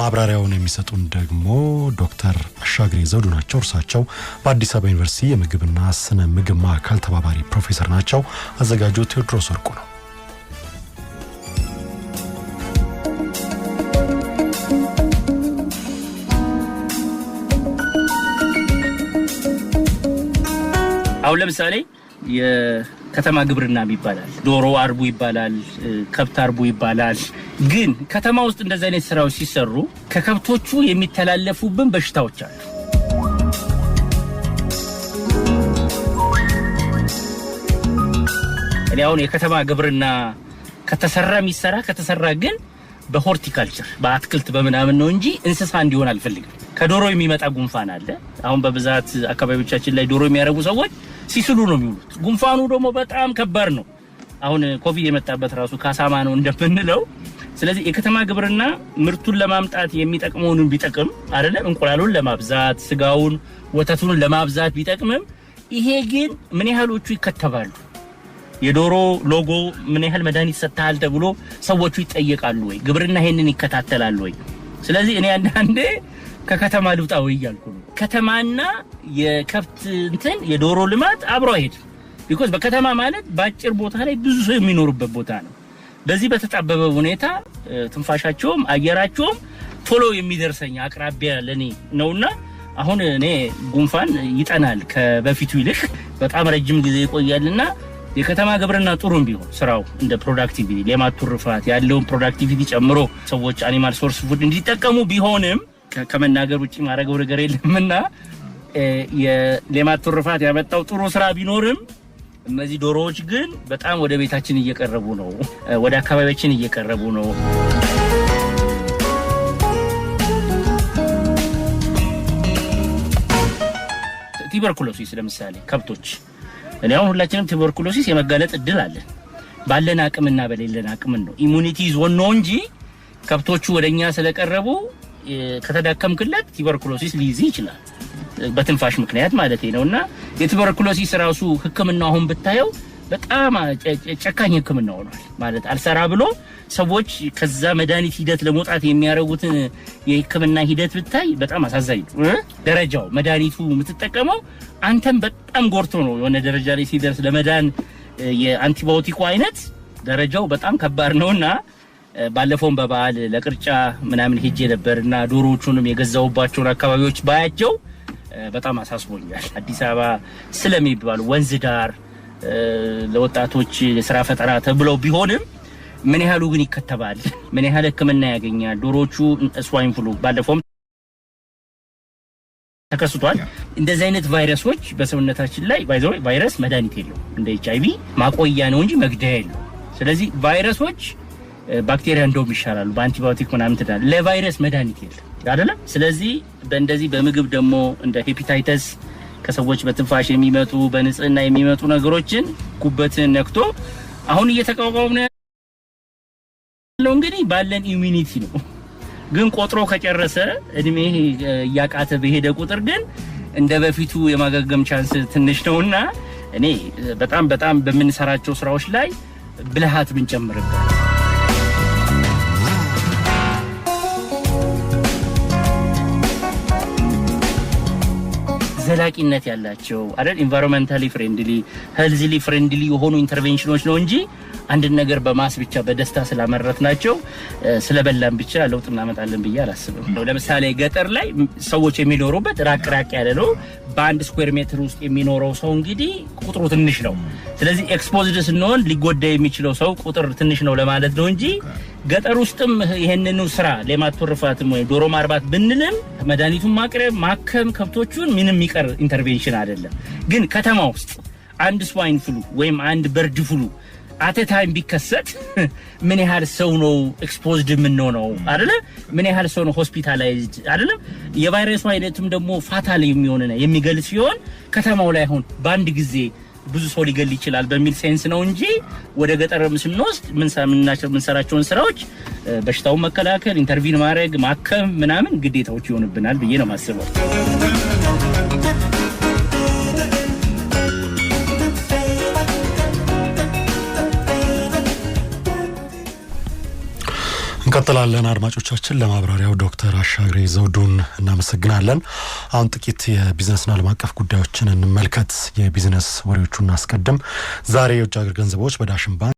ማብራሪያውን የሚሰጡን ደግሞ ዶክተር አሻግሬ ዘውዱ ናቸው። እርሳቸው በአዲስ አበባ ዩኒቨርሲቲ የምግብና ስነ ምግብ ማዕከል ተባባሪ ፕሮፌሰር ናቸው። አዘጋጁ ቴዎድሮስ ወርቁ ነው። አሁን ለምሳሌ ከተማ ግብርናም ይባላል፣ ዶሮ አርቡ ይባላል፣ ከብት አርቡ ይባላል። ግን ከተማ ውስጥ እንደዚህ አይነት ስራዎች ሲሰሩ ከከብቶቹ የሚተላለፉብን በሽታዎች አሉ። እኔ አሁን የከተማ ግብርና ከተሰራ የሚሰራ ከተሰራ ግን በሆርቲካልቸር በአትክልት በምናምን ነው እንጂ እንስሳ እንዲሆን አልፈልግም። ከዶሮ የሚመጣ ጉንፋን አለ። አሁን በብዛት አካባቢዎቻችን ላይ ዶሮ የሚያረቡ ሰዎች ሲስሉ ነው የሚውሉት። ጉንፋኑ ደግሞ በጣም ከባድ ነው። አሁን ኮቪድ የመጣበት ራሱ ካሳማ ነው እንደምንለው። ስለዚህ የከተማ ግብርና ምርቱን ለማምጣት የሚጠቅመውን ቢጠቅም አይደለም እንቁላሉን ለማብዛት ስጋውን፣ ወተቱን ለማብዛት ቢጠቅምም ይሄ ግን ምን ያህሎቹ ይከተባሉ? የዶሮ ሎጎ ምን ያህል መድኃኒት ሰጥተሃል ተብሎ ሰዎቹ ይጠየቃሉ ወይ? ግብርና ይሄንን ይከታተላሉ ወይ? ስለዚህ እኔ አንዳንዴ ከከተማ ልውጣ ወይ እያልኩ ነው። ከተማና የከብት እንትን የዶሮ ልማት አብሮ አይሄድ። ቢኮዝ በከተማ ማለት በአጭር ቦታ ላይ ብዙ ሰው የሚኖሩበት ቦታ ነው። በዚህ በተጣበበ ሁኔታ ትንፋሻቸውም አየራቸውም ቶሎ የሚደርሰኝ አቅራቢያ ለኔ ነውና አሁን እኔ ጉንፋን ይጠናል ከበፊቱ ይልቅ በጣም ረጅም ጊዜ ይቆያልና የከተማ ግብርና ጥሩም ቢሆን ስራው እንደ ፕሮዳክቲቪቲ ሌማት ትሩፋት ያለውን ፕሮዳክቲቪቲ ጨምሮ ሰዎች አኒማል ሶርስ ፉድ እንዲጠቀሙ ቢሆንም ከመናገር ውጭ ማድረገው ነገር የለምና የሌማት ትሩፋት ያመጣው ጥሩ ስራ ቢኖርም እነዚህ ዶሮዎች ግን በጣም ወደ ቤታችን እየቀረቡ ነው፣ ወደ አካባቢያችን እየቀረቡ ነው። ቲበርኩሎሲስ ለምሳሌ ከብቶች እኔ አሁን ሁላችንም ቲበርኩሎሲስ የመጋለጥ እድል አለን። ባለን አቅምና በሌለን አቅምን ነው ኢሙኒቲ ዞን ነው እንጂ ከብቶቹ ወደኛ ስለቀረቡ ከተዳከምክለት ቲበርኩሎሲስ ሊይዝ ይችላል። በትንፋሽ ምክንያት ማለት ነው። እና የቱበርኩሎሲስ ራሱ ህክምና አሁን ብታየው በጣም ጨካኝ ህክምና ሆኗል። ማለት አልሰራ ብሎ ሰዎች ከዛ መድኃኒት ሂደት ለመውጣት የሚያደርጉትን የህክምና ሂደት ብታይ በጣም አሳዛኝ ነው። ደረጃው መድኃኒቱ የምትጠቀመው አንተም በጣም ጎርቶ ነው። የሆነ ደረጃ ላይ ሲደርስ ለመዳን የአንቲባዮቲኩ አይነት ደረጃው በጣም ከባድ ነውና ባለፈውም በበዓል ለቅርጫ ምናምን ሄጄ ነበር እና ዶሮዎቹንም የገዛውባቸውን አካባቢዎች ባያቸው በጣም አሳስቦኛል። አዲስ አበባ ስለሚባሉ ወንዝ ዳር ለወጣቶች የስራ ፈጠራ ተብለው ቢሆንም ምን ያህሉ ግን ይከተባል? ምን ያህል ሕክምና ያገኛል? ዶሮዎቹ ስዋይን ፍሉ ባለፈውም ተከስቷል። እንደዚህ አይነት ቫይረሶች በሰውነታችን ላይ ቫይረስ መድኃኒት የለው እንደ ኤች አይ ቪ ማቆያ ነው እንጂ መግደያ የለው። ስለዚህ ቫይረሶች ባክቴሪያ እንደውም ይሻላሉ፣ በአንቲባዮቲክ ምናምን ትዳ ለቫይረስ መድኃኒት የለ አይደለም። ስለዚህ በእንደዚህ በምግብ ደግሞ እንደ ሄፒታይተስ ከሰዎች በትንፋሽ የሚመጡ በንጽህና የሚመጡ ነገሮችን ጉበትን ነክቶ አሁን እየተቋቋምን ያለው እንግዲህ ባለን ኢሚኒቲ ነው። ግን ቆጥሮ ከጨረሰ እድሜ እያቃተ በሄደ ቁጥር ግን እንደ በፊቱ የማገገም ቻንስ ትንሽ ነውና እኔ በጣም በጣም በምንሰራቸው ስራዎች ላይ ብልሃት ብንጨምርበት ዘላቂነት ያላቸው አይደል ኢንቫይሮንመንታሊ ፍሬንድሊ ሄልዚሊ ፍሬንድሊ የሆኑ ኢንተርቬንሽኖች ነው እንጂ አንድን ነገር በማስ ብቻ በደስታ ስላመረት ናቸው ስለበላን ብቻ ለውጥ እናመጣለን ብዬ አላስብም። ለምሳሌ ገጠር ላይ ሰዎች የሚኖሩበት ራቅ ራቅ ያለ ነው። በአንድ ስኩዌር ሜትር ውስጥ የሚኖረው ሰው እንግዲህ ቁጥሩ ትንሽ ነው። ስለዚህ ኤክስፖዝድ ስንሆን ሊጎዳ የሚችለው ሰው ቁጥር ትንሽ ነው ለማለት ነው እንጂ ገጠር ውስጥም ይሄንኑ ስራ ሌማት ትሩፋትም ዶሮ ማርባት ብንልም መድኃኒቱን ማቅረብ፣ ማከም ከብቶቹን ምንም ይቀር ኢንተርቬንሽን አይደለም። ግን ከተማ ውስጥ አንድ ስዋይን ፍሉ ወይም አንድ በርድ ፍሉ አተታይም ቢከሰት ምን ያህል ሰው ነው ኤክስፖዝድ የምንሆነው? አይደለ? ምን ያህል ሰው ነው ሆስፒታላይዝድ? አይደለ? የቫይረሱ አይነትም ደግሞ ፋታል የሚሆን የሚገልጽ ሲሆን ከተማው ላይ አሁን በአንድ ጊዜ ብዙ ሰው ሊገል ይችላል በሚል ሴንስ ነው እንጂ ወደ ገጠርም ስንወስድ የምንሰራቸውን ስራዎች በሽታውን መከላከል፣ ኢንተርቪን ማድረግ፣ ማከም ምናምን ግዴታዎች ይሆንብናል ብዬ ነው ማስበው። እንቀጥላለን አድማጮቻችን። ለማብራሪያው ዶክተር አሻግሬ ዘውዱን እናመሰግናለን። አሁን ጥቂት የቢዝነስን አለም አቀፍ ጉዳዮችን እንመልከት። የቢዝነስ ወሬዎቹ እናስቀድም። ዛሬ የውጭ ሀገር ገንዘቦች በዳሽን ባንክ